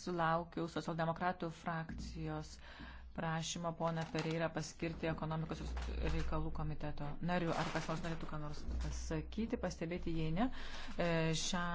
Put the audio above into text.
sulaukiau socialdemokratų frakcijos prašymo poną Pereirą paskirti ekonomikos reikalų komiteto nariu. Ar kas nors norėtų ką nors pasakyti, pastebėti, jei ne, e, šią